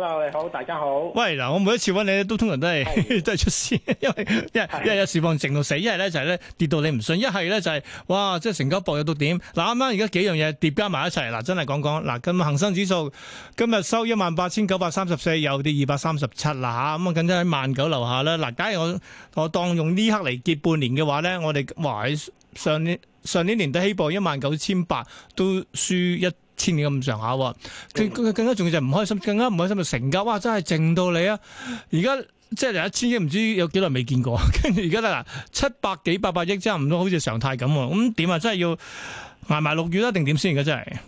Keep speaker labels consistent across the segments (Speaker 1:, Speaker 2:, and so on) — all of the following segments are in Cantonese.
Speaker 1: Hello,
Speaker 2: 你好，大家好。喂，嗱，我每一次揾你都通常都係、oh. 都係出事，因為一係有時放靜到死，一係咧就係咧跌到你唔信，一係咧就係哇，即、就、係、是、成交薄有到點。嗱，啱啱而家幾樣嘢疊加埋一齊，嗱，真係講講嗱，咁恒生指數今日收一萬八千九百三十四，又跌二百三十七啦嚇，咁啊，緊張喺萬九樓下啦。嗱，假如我我當用呢刻嚟結半年嘅話咧，我哋話上年上年年底起步，一萬九千八都輸一。千年咁上下，佢更加重要就係唔開心，更加唔開心就成交。哇真係靜到你啊！而家即係嚟一千億，唔知有幾耐未見過，跟住而家得嗱，七百幾八百億，啊、真係唔到好似常態咁，咁點啊真係要挨埋六月啊，定點先而家真
Speaker 1: 係。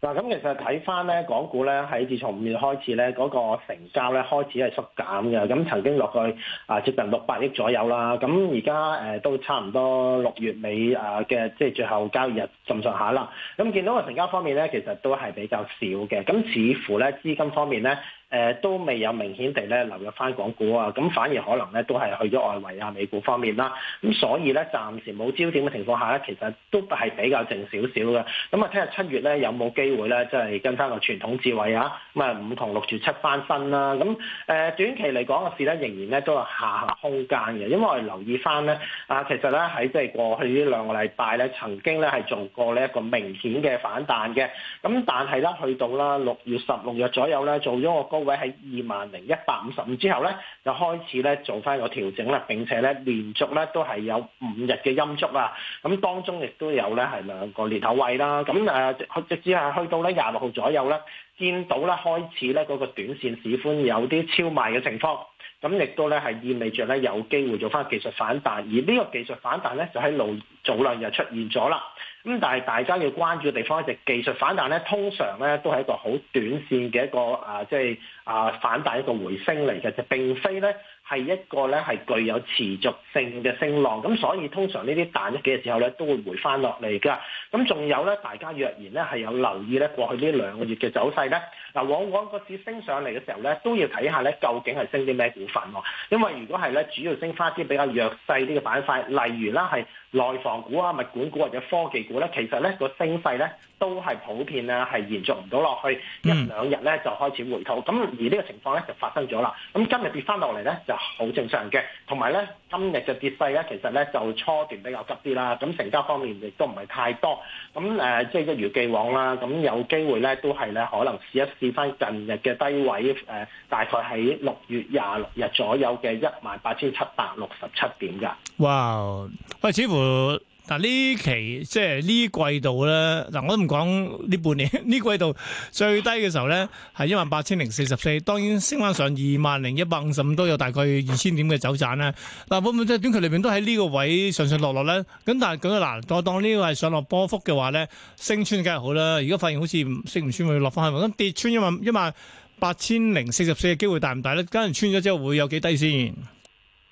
Speaker 1: 嗱，咁其實睇翻咧，港股咧喺自從五月開始咧，嗰個成交咧開始係縮減嘅，咁曾經落去啊接近六百億左右啦，咁而家誒都差唔多六月尾啊嘅即係最後交易日咁上下啦，咁見到個成交方面咧，其實都係比較少嘅，咁似乎咧資金方面咧。誒都未有明顯地咧流入翻港股啊，咁反而可能咧都係去咗外圍啊、美股方面啦，咁所以咧暫時冇焦點嘅情況下咧，其實都係比較靜少少嘅。咁啊，聽日七月咧有冇機會咧，即係跟翻個傳統智慧啊，咁啊五同六住七翻身啦。咁誒短期嚟講個市咧仍然咧都有下行空間嘅，因為我哋留意翻咧啊，其實咧喺即係過去呢兩個禮拜咧曾經咧係做過呢一個明顯嘅反彈嘅，咁但係咧去到啦六月十六日左右咧做咗個高位喺二萬零一百五十五之後咧，就開始咧做翻個調整啦，並且咧連續咧都係有五日嘅陰燭啊，咁當中亦都有咧係兩個年頭位啦，咁誒直直至係去到咧廿六號左右咧，見到咧開始咧嗰個短線市寬有啲超賣嘅情況。咁亦都咧係意味著咧有機會做翻技術反彈，而呢個技術反彈咧就喺早早兩日出現咗啦。咁但係大家要關注嘅地方就係技術反彈咧，通常咧都係一個好短線嘅一個啊，即係啊反彈一個回升嚟嘅就並非咧。係一個咧係具有持續性嘅升浪，咁所以通常呢啲彈一嘅時候咧都會回翻落嚟㗎。咁仲有咧，大家若然咧係有留意咧過去呢兩個月嘅走勢咧，嗱往往個市升上嚟嘅時候咧都要睇下咧究竟係升啲咩股份咯。因為如果係咧主要升翻啲比較弱勢啲嘅板塊，例如啦係內房股啊、物管股或者科技股咧，其實咧個升勢咧都係普遍啊，係延續唔到落去，一兩日咧就開始回吐。咁而呢個情況咧就發生咗啦。咁今日跌翻落嚟咧就，好正常嘅，同埋咧今日嘅跌勢咧，其實咧就初段比較急啲啦。咁成交方面亦都唔係太多。咁誒、呃，即係一如既往啦。咁有機會咧，都係咧可能試一試翻近日嘅低位誒、呃，大概喺六月廿六日左右嘅一萬八千七百六十七點㗎。哇
Speaker 2: ！Wow, 喂，似乎。嗱呢期即係呢季度咧，嗱我都唔講呢半年呢季度最低嘅時候咧係一萬八千零四十四，18, 44, 當然升翻上二萬零一百五十五都有大概二千點嘅走盞啦。嗱，本本即係短期裏邊都喺呢個位上上落落咧，咁但係咁嗱，我當呢個係上落波幅嘅話咧，升穿梗係好啦。如果發現好似升唔穿咪落翻去，咁跌穿一萬一萬八千零四十四嘅機會大唔大咧？假如穿咗之後會有幾低先？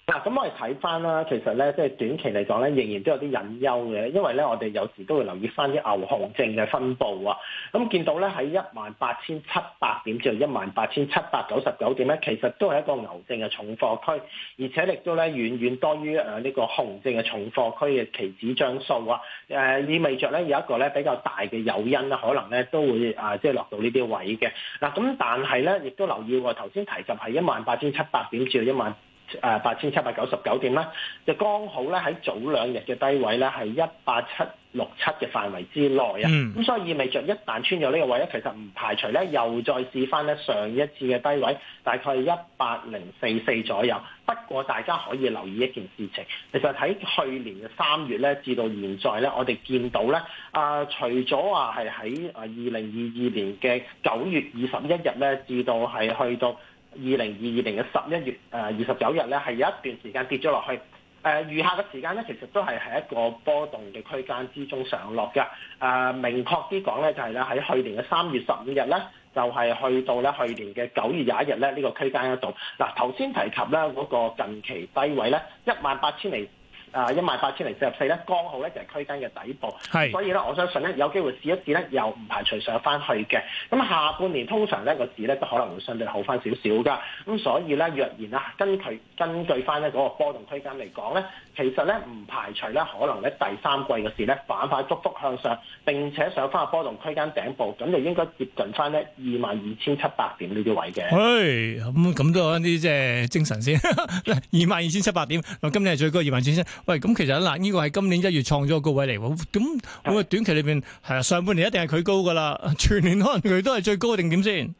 Speaker 1: 嗱，咁我哋睇翻啦，其實咧，即係短期嚟講咧，仍然都有啲隱憂嘅，因為咧，我哋有時都會留意翻啲牛熊證嘅分布啊。咁見到咧喺一萬八千七百點至到一萬八千七百九十九點咧，其實都係一個牛證嘅重貨區，而且亦都咧遠遠多於誒呢個熊證嘅重貨區嘅期指張數啊。誒、呃，意味着咧有一個咧比較大嘅誘因咧，可能咧都會啊即係落到呢啲位嘅。嗱，咁但係咧，亦都留意我頭先提及係一萬八千七百點至到一萬。誒八千七百九十九點啦，就剛好咧喺早兩日嘅低位咧，係一八七六七嘅範圍之內啊，咁、嗯、所以意味着，一旦穿咗呢個位咧，其實唔排除咧又再試翻咧上一次嘅低位，大概一八零四四左右。不過大家可以留意一件事情，其實喺去年嘅三月咧，至到現在咧，我哋見到咧啊、呃，除咗話係喺啊二零二二年嘅九月二十一日咧，至到係去到。二零二二年嘅十一月，誒二十九日咧係有一段時間跌咗落去，誒、呃、餘下嘅時間咧其實都係喺一個波動嘅區間之中上落嘅。誒、呃、明確啲講咧，就係咧喺去年嘅三月十五日咧，就係、是、去到咧去年嘅九月廿一日咧呢、這個區間一度。嗱頭先提及咧嗰個近期低位咧，一萬八千零。啊，一萬八千零四十四咧，18, 24，剛好咧就係區間嘅底部，係的，所以咧我相信咧有機會試一試咧，又唔排除上翻去嘅。咁下半年通常咧個市咧都可能會相對好翻少少噶，咁所以咧若然啊，根據根據翻咧嗰個波動區間嚟講咧，其實咧唔排除咧可能咧第三季嘅市咧板塊逐步向上並且上翻個波動區間頂部，咁就應該接近翻咧二萬二千七百點呢啲位嘅。誒，
Speaker 2: 咁咁多啲即係精神先，二萬二千七百點，今日係最高二萬二千。喂，咁其實嗱，呢個係今年一月創咗個高位嚟喎，咁我短期裏邊係啊，上半年一定係佢高噶啦，全年可能佢都係最高定點先。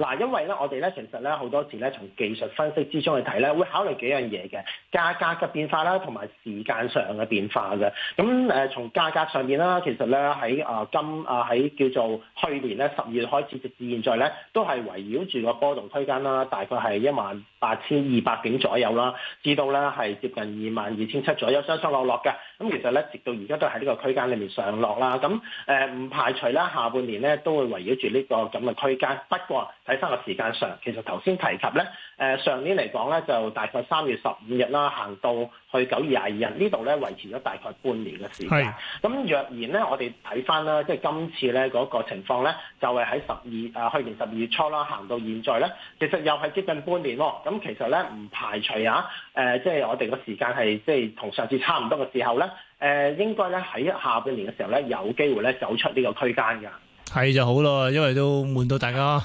Speaker 1: 嗱，因為咧，我哋咧，其實咧，好多時咧，從技術分析之中去睇咧，會考慮幾樣嘢嘅價格嘅變化啦，同埋時間上嘅變化嘅。咁誒，從價格上面啦，其實咧喺啊今啊喺叫做去年咧十二月開始，直至現在咧，都係圍繞住個波動區間啦，大概係一萬八千二百點左右啦，至到咧係接近二萬二千七左右，上上落落嘅。咁其實咧，直到而家都喺呢個區間裏面上落啦。咁誒，唔排除咧下半年咧都會圍繞住呢個咁嘅區間，不過。喺三個時間上，其實頭先提及咧，誒、呃、上年嚟講咧，就大概三月十五日啦，行到去九月廿二日呢度咧，維持咗大概半年嘅時間。咁是若然咧，我哋睇翻啦，即係今次咧嗰個情況咧，就係喺十二誒去年十二月初啦，行到現在咧，其實又係接近半年咯。咁其實咧唔排除啊，誒、呃、即係我哋個時間係即係同上次差唔多嘅時候咧，誒、呃、應該咧喺下半年嘅時候咧，有機會咧走出呢個區間㗎。
Speaker 2: 係就好咯，因為都悶到大家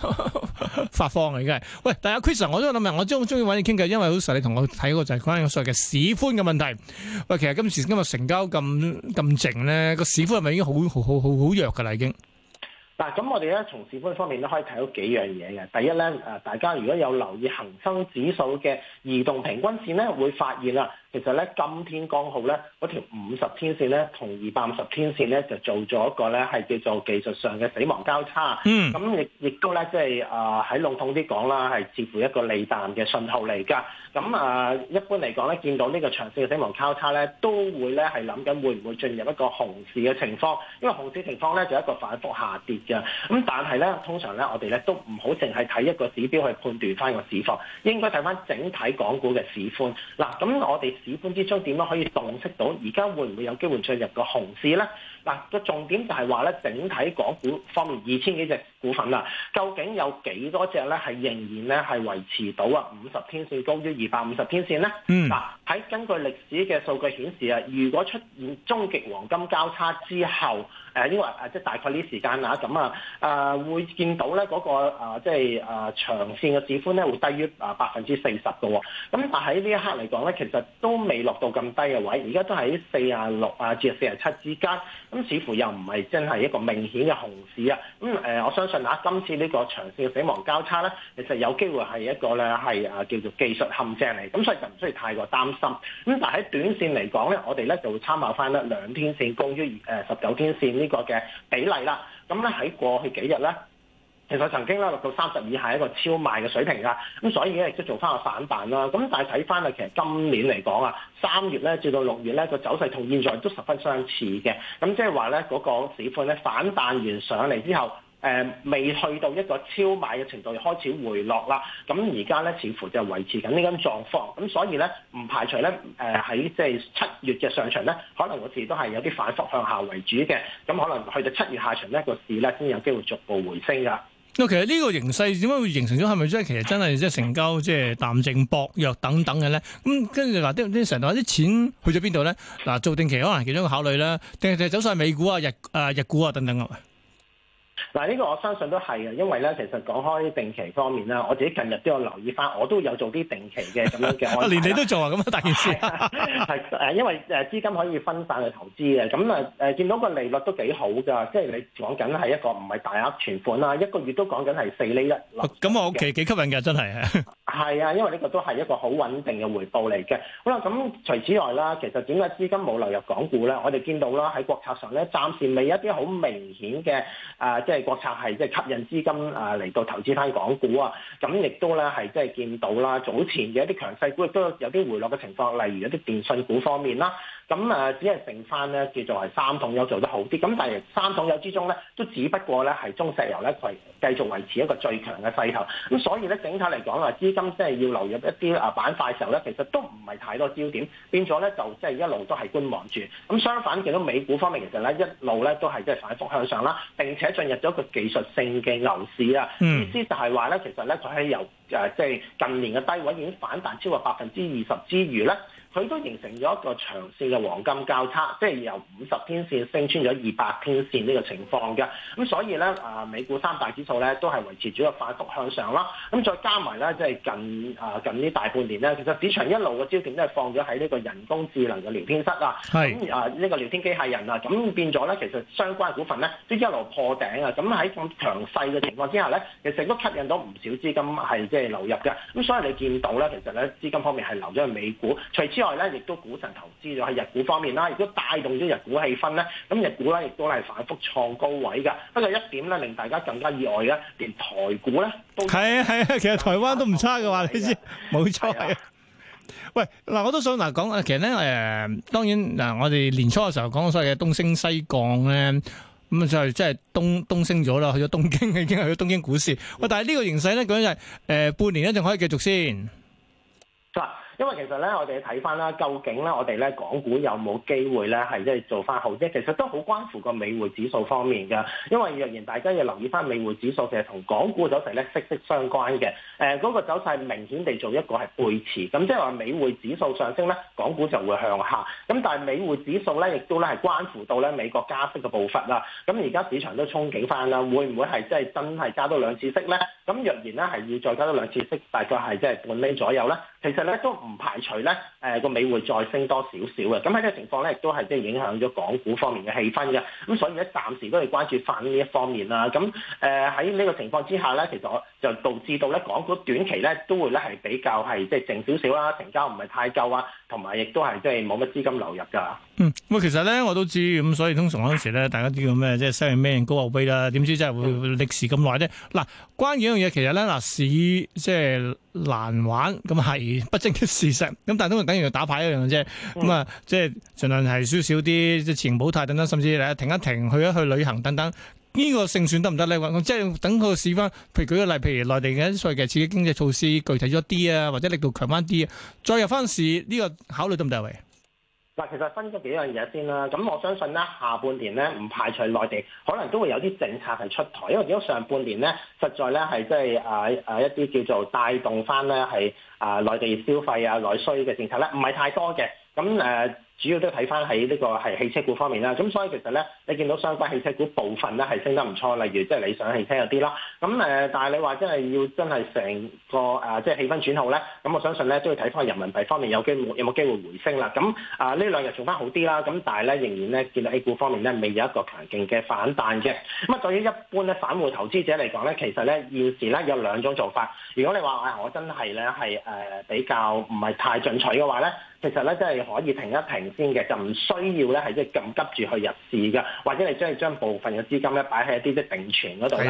Speaker 2: 發慌啊！而家，喂，大家 Chris 我都諗明我中中意揾你傾偈，因為好先你同我睇過就係關於個所謂嘅市寬嘅問題。喂，其實今時今日成交咁咁靜咧，個市寬係咪已經好好好好弱噶啦？已經。
Speaker 1: 嗱，咁我哋咧從市寬方面都可以睇到幾樣嘢嘅。第一咧，誒，大家如果有留意恒生指數嘅移動平均線咧，會發現啦。其實咧，今天剛好咧嗰條五十天線咧同二百五十天線咧就做咗一個咧係叫做技術上嘅死亡交叉。嗯。咁亦亦都咧即係誒喺籠統啲講啦，係似乎一個利淡嘅信號嚟㗎。咁啊、呃，一般嚟講咧，見到呢個長線嘅死亡交叉咧，都會咧係諗緊會唔會進入一個熊市嘅情況。因為熊市情況咧就一個反覆下跌㗎。咁但係咧，通常咧我哋咧都唔好淨係睇一個指標去判斷翻個市況，應該睇翻整體港股嘅市寬。嗱，咁我哋。指觀之中，點樣可以洞悉到而家會唔會有機會進入個熊市呢？嗱，個重點就係話咧，整體港股方面二千幾隻股份啦，究竟有幾多隻咧係仍然咧係維持到啊五十天線高於二百五十天線咧？嗯，嗱，喺根據歷史嘅數據顯示啊，如果出現終極黃金交叉之後。誒呢個誒即係大概呢時間啦，咁啊誒會見到咧嗰、那個、呃、即係誒、呃、長線嘅指數咧會低於誒百分之四十嘅喎。咁但喺呢一刻嚟講咧，其實都未落到咁低嘅位，而家都喺四啊六啊至四十七之間。咁、呃、似乎又唔係真係一個明顯嘅熊市啊。咁、呃、誒、呃、我相信啊，今次呢個長線嘅死亡交叉咧，其實有機會係一個咧係誒叫做技術陷阱嚟。咁所以就唔需要太過擔心。咁但喺短線嚟講咧，我哋咧就會參考翻咧兩天線高於誒十九天線。呢個嘅比例啦，咁咧喺過去幾日咧，其實曾經咧落到三十以下一個超賣嘅水平啦，咁所以咧亦都做翻個反彈啦。咁但係睇翻啊，其實今年嚟講啊，三月咧至到六月咧個走勢同現在都十分相似嘅，咁即係話咧嗰個市況咧反彈完上嚟之後。誒未去到一個超買嘅程度，又開始回落啦。咁而家咧，似乎就維持緊呢種狀況。咁所以咧，唔排除咧，誒喺即係七月嘅上旬咧，可能個市都係有啲反覆向下為主嘅。咁可能去到七月下旬呢，個市咧先有機會逐步回升㗎。嗱，
Speaker 2: 其實呢個形勢點解會形成咗？係咪即係其實真係即係成交即係淡靜薄弱等等嘅咧？咁跟住嗱啲啲成龍啲錢去咗邊度咧？嗱，做定期可能其中一個考慮啦。定係走晒美股啊、日誒日股啊等等啊。
Speaker 1: 嗱呢個我相信都係啊。因為咧其實講開定期方面啦，我自己近日都有留意翻，我都有做啲定期嘅咁樣嘅。 連你
Speaker 2: 都做啊，咁大件事。
Speaker 1: 係誒，因為誒資金可以分散去投資嘅，咁啊誒見到個利率都幾好㗎，即係你講緊係一個唔係大額存款啦，一個月都講緊係四厘一，咁、啊、我 OK
Speaker 2: 幾吸引嘅，真係。
Speaker 1: 係啊，因為呢個都係一個好穩定嘅回報嚟嘅。好啦，咁除此之外啦，其實點解資金冇流入港股咧？我哋見到啦，喺國策上咧，暫時未一啲好明顯嘅誒，即係。國策係即係吸引資金啊嚟到投資翻港股啊，咁亦都咧係即係見到啦，早前嘅一啲強勢股亦都有啲回落嘅情況，例如一啲電信股方面啦，啊。咁啊，只係剩翻咧叫做係三桶油做得好啲。咁但係三桶油之中咧，都只不過咧係中石油咧佢係繼續維持一個最強嘅勢頭。咁所以咧整體嚟講啊，資金即係要流入一啲啊板塊嘅時候咧，其實都唔係太多焦點，變咗咧就即係一路都係觀望住。咁相反，見到美股方面其實咧一路咧都係即係反覆向上啦，並且進入咗一個技術性嘅牛市啊。意思就係話咧，其實咧佢喺由誒即係近年嘅低位已經反彈超過百分之二十之餘咧。佢都形成咗一個長線嘅黃金交叉，即係由五十天線升穿咗二百天線呢個情況嘅。咁所以咧，啊美股三大指數咧都係維持住個快速向上啦。咁再加埋咧，即係近啊近呢大半年咧，其實市場一路嘅焦點都係放咗喺呢個人工智能嘅聊天室是、嗯、啊，咁啊呢個聊天機械人啊，咁變咗咧其實相關股份咧都一路破頂啊。咁喺咁強勢嘅情況之下咧，其實都吸引到唔少資金係即係流入嘅。咁所以你見到咧，其實咧資金方面係流咗去美股，除此內咧，亦都股神投資咗喺日股方面啦，亦都帶動咗日股氣氛啦。咁日股咧，亦都係反覆創高位㗎。不過一點咧，令大家更加意外嘅，連台股咧
Speaker 2: 都係啊！係啊！其實台灣都唔差嘅話，你知冇錯。喂，嗱，我都想嗱講啊。其實咧，誒，當然嗱，我哋年初嘅時候講咗所謂嘅東升西降咧，咁就即係東東升咗啦，去咗東京，已經去咗東京股市。喂，但係呢個形勢咧，究竟係誒半年咧，仲可以繼續先？得。
Speaker 1: 因為其實咧，我哋睇翻啦，究竟咧，我哋咧，港股有冇機會咧，係即係做翻好？即其實都好關乎個美匯指數方面嘅。因為若然大家要留意翻美匯指數，其實同港股嘅走勢咧息息相關嘅。誒，嗰個走勢明顯地做一個係背馳。咁即係話美匯指數上升咧，港股就會向下。咁但係美匯指數咧，亦都咧係關乎到咧美國加息嘅步伐啦。咁而家市場都憧憬翻啦，會唔會係即係真係加多兩次息咧？咁若然咧係要再加多兩次息，大概係即係半厘左右咧？其實咧都唔排除咧，誒個美匯再升多少少嘅。咁喺呢個情況咧，亦都係即係影響咗港股方面嘅氣氛嘅。咁所以咧，暫時都係關注反呢一方面啦。咁誒喺呢個情況之下咧，其實我就導致到咧港股短期咧都會咧係比較係即係靜少少啦，成交唔係太夠啊，同埋亦都係即係冇乜資金流入㗎。嗯，咁
Speaker 2: 其實咧我都知，咁所以通常嗰陣時咧，大家都叫咩即係收緊咩高後低啦，點知真係會歷時咁耐啫。嗱、嗯啊，關鍵一樣嘢其實咧嗱，市、啊、即係難玩，咁係。不正嘅事實，咁但係都等於打牌、嗯嗯就是、一樣嘅啫。咁啊，即係儘量係輸少少啲，即係錢保泰等等，甚至嚟停一停，去一去旅行等等。呢、這個勝算得唔得咧？即、就、係、是、等佢試翻，譬如舉個例，譬如內地嘅所謂嘅刺激經濟措施具體咗啲啊，或者力度強翻啲再入翻市，呢、這個考慮得唔得？位？
Speaker 1: 嗱，其實分咗幾樣嘢先啦，咁我相信咧下半年咧唔排除內地可能都會有啲政策係出台，因為如果上半年咧實在咧係即係啊啊一啲叫做帶動返咧係啊內地消費啊內需嘅政策咧唔係太多嘅，咁誒。主要都睇翻喺呢個係汽車股方面啦，咁所以其實咧，你見到相關汽車股部分咧係升得唔錯，例如即係理想汽車有啲啦，咁誒，但係你話真係要真係成個誒即係氣氛轉好咧，咁我相信咧都要睇翻人民幣方面有機會有冇機會回升啦。咁啊呢兩日做翻好啲啦，咁但係咧仍然咧見到 A 股方面咧未有一個強勁嘅反彈嘅。咁啊，對於一般咧散戶投資者嚟講咧，其實咧現時咧有兩種做法。如果你話啊，我真係咧係誒比較唔係太進取嘅話咧。其實咧，真係可以停一停先嘅，就唔需要咧，係即係咁急住去入市㗎，或者係將嚟將部分嘅資金咧擺喺一啲即係定存嗰度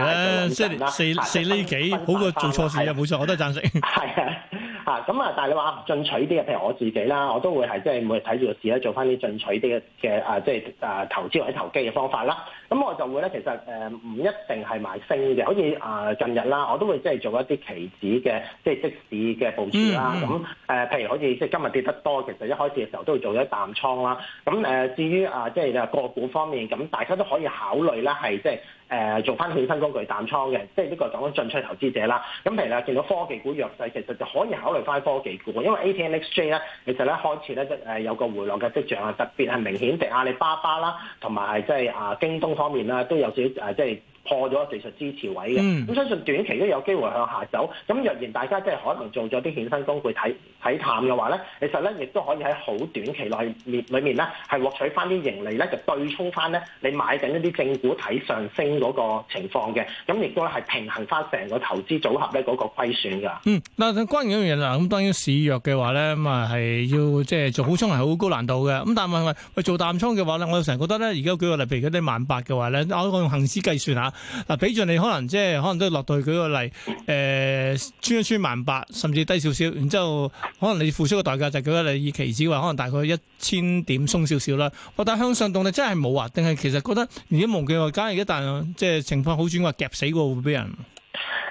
Speaker 1: 啦，四四厘
Speaker 2: 幾好過做錯事啊！冇錯，我都係贊成。
Speaker 1: 係啊。嚇咁啊！但係你話啊，進取啲嘅，譬如我自己啦，我都會係即係每日睇住個市咧，做翻啲進取啲嘅嘅啊，即係啊投資或者投機嘅方法啦。咁我就會咧，其實誒唔一定係買升嘅，好似啊近日啦，我都會即係做一啲期指嘅，就是、即係即時嘅部署啦。咁誒，譬如好似即係今日跌得多，其實一開始嘅時候都會做咗一啖倉啦。咁誒，至於啊，即係個股方面，咁大家都可以考慮啦，係即係。誒、呃、做翻衍生工具淡倉嘅，即係呢個講緊進出投資者啦。咁譬如咧，見到科技股弱勢，其實就可以考慮翻科技股，因為 ATMXJ 咧，其實咧開始咧誒、呃、有個回落嘅跡象啊，特別係明顯嘅阿里巴巴啦，同埋係即係啊京東方面啦，都有少少即係。啊就是破咗技術支持位嘅，咁、嗯嗯、相信短期都有機會向下走。咁若然大家即係可能做咗啲衍生工具睇睇淡嘅話咧，其實咧亦都可以喺好短期內面裏面咧係獲取翻啲盈利咧，就對沖翻咧你買緊一啲正股睇上升嗰個情況嘅。咁亦都係平衡翻成個投資組合咧嗰個虧損㗎。嗯，
Speaker 2: 嗱，關於呢樣嘢啦，咁當然市弱嘅話咧，咁啊係要即係做好倉係好高難度嘅。咁但係做淡倉嘅話咧，我成日覺得咧，而家舉個例，譬如嗰啲萬八嘅話咧，我我用恒指計算嚇。嗱，俾盡你可能即、就、係、是、可能都落到去舉個例，誒、呃，穿一穿萬八，甚至低少少，然之後可能你付出嘅代價就係舉個例以期指話可能大概一千點鬆少少啦。我覺得向上動力真係冇啊？定係其實覺得如果無計外加而家但即係情況好轉，話夾死過會俾人。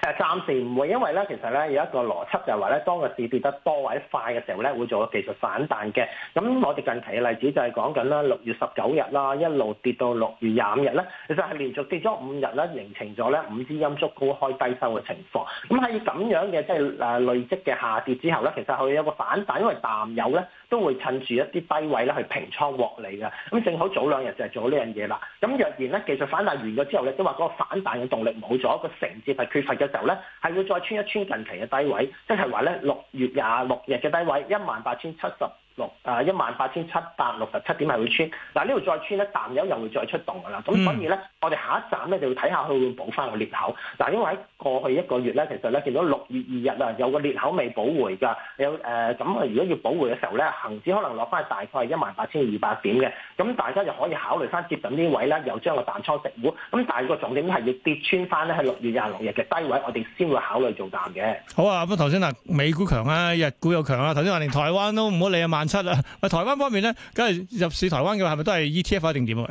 Speaker 1: 誒暫時唔會，因為咧其實咧有一個邏輯就係話咧，當個市跌得多或者快嘅時候咧，會做個技術反彈嘅。咁我哋近期嘅例子就係講緊啦，六月十九日啦，一路跌到六月廿五日咧，其實係連續跌咗五日咧，形成咗咧五支陰燭高開低收嘅情況。咁喺咁樣嘅即係誒累積嘅下跌之後咧，其實佢有個反彈，因為淡友咧都會趁住一啲低位咧去平倉獲利㗎。咁正好早兩日就係做呢樣嘢啦。咁若然咧，技術反彈完咗之後咧，都話嗰個反彈嘅動力冇咗，個承接係缺乏嘅。時候咧，係會再穿一穿近期嘅低位，即係話咧六月廿六日嘅低位，一萬八千七十。六啊，一萬八千七百六十七點係會穿，嗱，呢度再穿咧，淡友又會再出動噶啦，咁、嗯、所以咧，我哋下一站咧就要睇下佢會唔會補翻個裂口。嗱，因為喺過去一個月咧，其實咧見到六月二日啊，有個裂口未補回㗎，有誒咁，如果要補回嘅時候咧，恆指可能落翻大概一萬八千二百點嘅，咁大家就可以考慮翻接近呢位咧，又將個淡倉食滿，咁但係個重點係要跌穿翻咧，係六月廿六日嘅低位，我哋先會考慮做淡嘅。
Speaker 2: 好啊，不過頭先嗱，美股強啊，日股又強啊，頭先話連台灣都唔好理啊。七啊！咪台灣方面咧，梗係入市台灣嘅，係咪都係 E T F 一定點啊？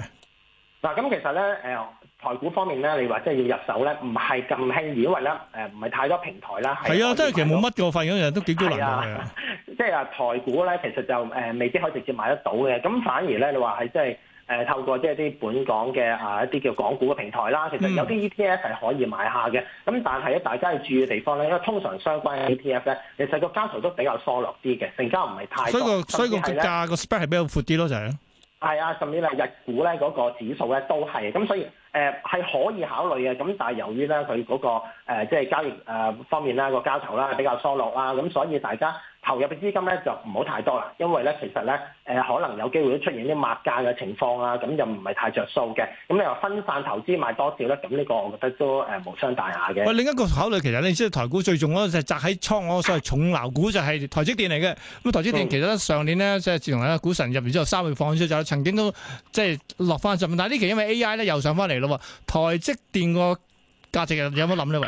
Speaker 1: 嗱，咁其實咧，誒、呃、台股方面咧，你話即係要入手咧，唔係咁輕易，因為咧，誒唔係太多平台啦。係啊，即係其實
Speaker 2: 冇乜個反應，都幾高難度。
Speaker 1: 即係啊，台股咧其實就誒、呃、未必可以直接買得到嘅。咁反而咧，你話係即係。誒透過即係啲本港嘅啊一啲叫港股嘅平台啦，其實有啲 ETF 係可以買下嘅。咁但係咧，大家要注意嘅地方咧，因為通常相關嘅 ETF 咧，其實個交投都比較疏落啲嘅，成交唔係太多。所以、個所以個價
Speaker 2: 個 spread 係比較闊啲咯，就
Speaker 1: 係、係。係啊，甚至係日股咧嗰個指數咧都係。咁所以誒係、呃、可以考慮嘅。咁但係由於咧佢嗰個即係、呃就是、交易誒、呃、方面啦，個交投啦比較疏落啦，咁所以大家。投入嘅資金咧就唔好太多啦，因為咧其實咧誒可能有機會都出現啲抹價嘅情況啊，咁又唔係太着數嘅。咁你話分散投資買多少咧，咁呢個我覺得都誒無傷大雅嘅。喂，
Speaker 2: 另一個考慮其實你知道台股最重嗰就係砸喺倉，我所謂重樓股就係台積電嚟嘅。咁台積電其實咧上年咧即係自從咧股神入完之後三月放出就曾經都即係落翻十五。但係呢期因為 AI 咧又上翻嚟咯，台積電個價值有冇諗咧？喂，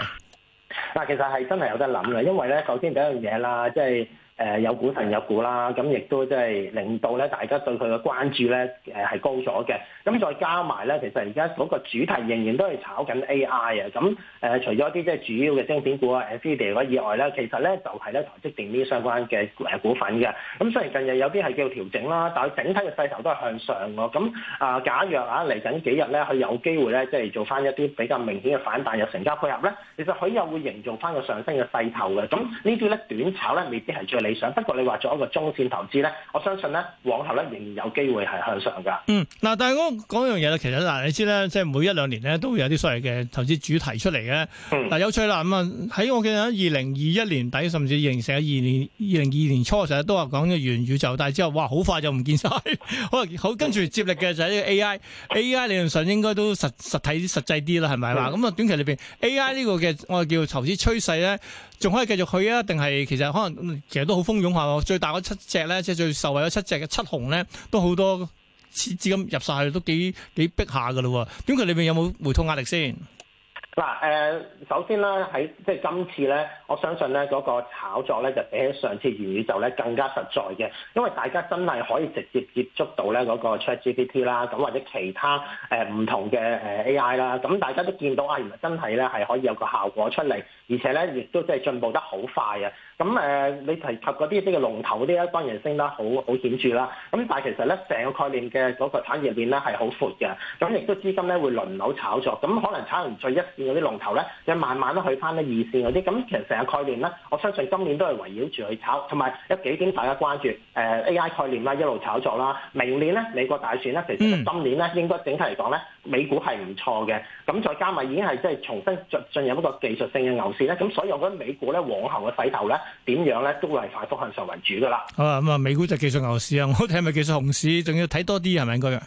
Speaker 1: 嗱，其實係真係有得諗嘅，因為咧首先第一樣嘢啦，即係誒有股神有股啦，咁亦都即係令到咧大家對佢嘅關注咧誒係高咗嘅。咁再加埋咧，其實而家嗰個主題仍然都係炒緊 A.I. 啊。咁誒除咗一啲即係主要嘅晶片股啊、s d 以外咧，其實咧就係咧台積電呢相關嘅誒股份嘅。咁雖然近日有啲係叫調整啦，但係整體嘅勢頭都係向上㗎。咁啊假若啊嚟緊幾日咧，佢有機會咧即係做翻一啲比較明顯嘅反彈，有成交配合咧，其實佢又會營造翻個上升嘅勢頭嘅。咁呢啲咧短炒咧未必係最理想，不過你話做一個中線投資咧，我
Speaker 2: 相信咧往後咧仍然有機會係向上㗎。嗯，嗱、那個，但係我講樣嘢咧，其實嗱，你知啦，即係每一兩年咧都會有啲所謂嘅投資主題出嚟嘅。嗱、嗯，有趣啦，咁啊，喺我記得二零二一年底，甚至形成二年二零二二年初，嘅時候都話講嘅元宇宙，但係之後哇，好快就唔見晒。好， 跟住接力嘅就係呢個 A I，A I 理論上應該都實實體實際啲啦，係咪啊？咁啊、嗯，短期裏邊 A I 呢個嘅我哋叫投資趨勢咧，仲可以繼續去啊？定係其實可能其實都。好蜂擁下喎，最大嗰七隻咧，即係最受惠嗰七隻嘅七雄咧，都好多資金入晒去，都幾幾逼下噶咯。點佢裏邊有冇回吐壓力先？
Speaker 1: 嗱，誒，首先咧喺即係今次咧，我相信咧嗰個炒作咧就比起上次元宇宙咧更加實在嘅，因為大家真係可以直接接觸到咧嗰個 Chat GPT 啦，咁或者其他誒唔同嘅誒 AI 啦，咁大家都見到啊，原來真係咧係可以有個效果出嚟，而且咧亦都即係進步得好快啊！咁誒，你提及嗰啲即係龍頭，啲、嗯，一方嘢升得好好顯著啦。咁但係其實咧，成個概念嘅嗰個產業鏈咧係好闊嘅。咁亦都資金咧會輪流炒作。咁可能炒完最一線嗰啲龍頭咧，就慢慢都去翻咧二線嗰啲。咁其實成個概念咧，我相信今年都係圍繞住去炒。同埋有幾點大家關注誒 AI 概念啦，一路炒作啦。明年咧美國大選咧，其實今年咧應該整體嚟講咧，美股係唔錯嘅。咁再加埋已經係即係重新進進入一個技術性嘅牛市咧。咁所以我覺得美股咧往後嘅勢頭咧，點樣咧都係大幅向上為主噶啦。
Speaker 2: 啊，咁、嗯、啊，美股就技術牛市啊，我睇係咪技術熊市，仲要睇多啲係咪應該？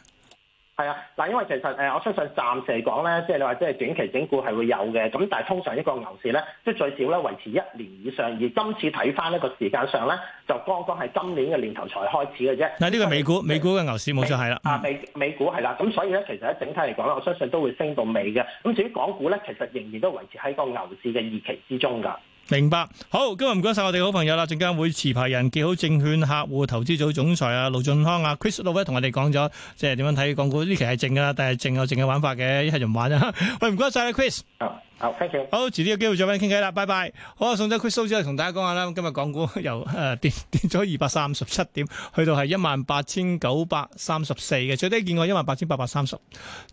Speaker 2: 係啊，
Speaker 1: 嗱，因為其實誒、呃，我相信暫時嚟講咧，即係你話即係短期整固係會有嘅。咁但係通常一個牛市咧，即係最少咧維持一年以上。而今次睇翻呢個時間上咧，就剛剛係今年嘅年頭才開始嘅啫。嗱，呢個美股以
Speaker 2: 美股嘅牛市冇錯係啦。啊、嗯，
Speaker 1: 美美股係啦。咁所以咧，其實咧整體嚟講咧，我相信都會升到尾嘅。咁至於港股咧，其實仍然都維持喺個牛市嘅二期之中噶。
Speaker 2: 明白，好，今日唔該晒我哋好朋友啦，證監會持牌人叫好證券客戶投資組總裁啊，盧駿匡啊，Chris，盧咧同我哋講咗，即係點樣睇港股，呢期係靜噶，但係靜有靜嘅玩法嘅，一係就玩啦，啊，喂，唔該晒啊，Chris。啊，oh，好，多謝，遲啲有機會再畀你傾偈啦，拜拜。好啊，送咗 Chris 之後同大家講下啦，今日港股由誒跌跌咗二百三十七點，去到係一萬八千九百三十四嘅，最低見過一萬八千八百三十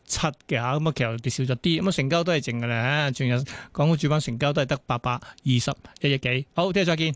Speaker 2: 七嘅吓，咁啊，其實跌少咗啲，咁啊，成交都係淨嘅啦，仲有港股主板成交都係得八百二十一億幾，好，聽日再見。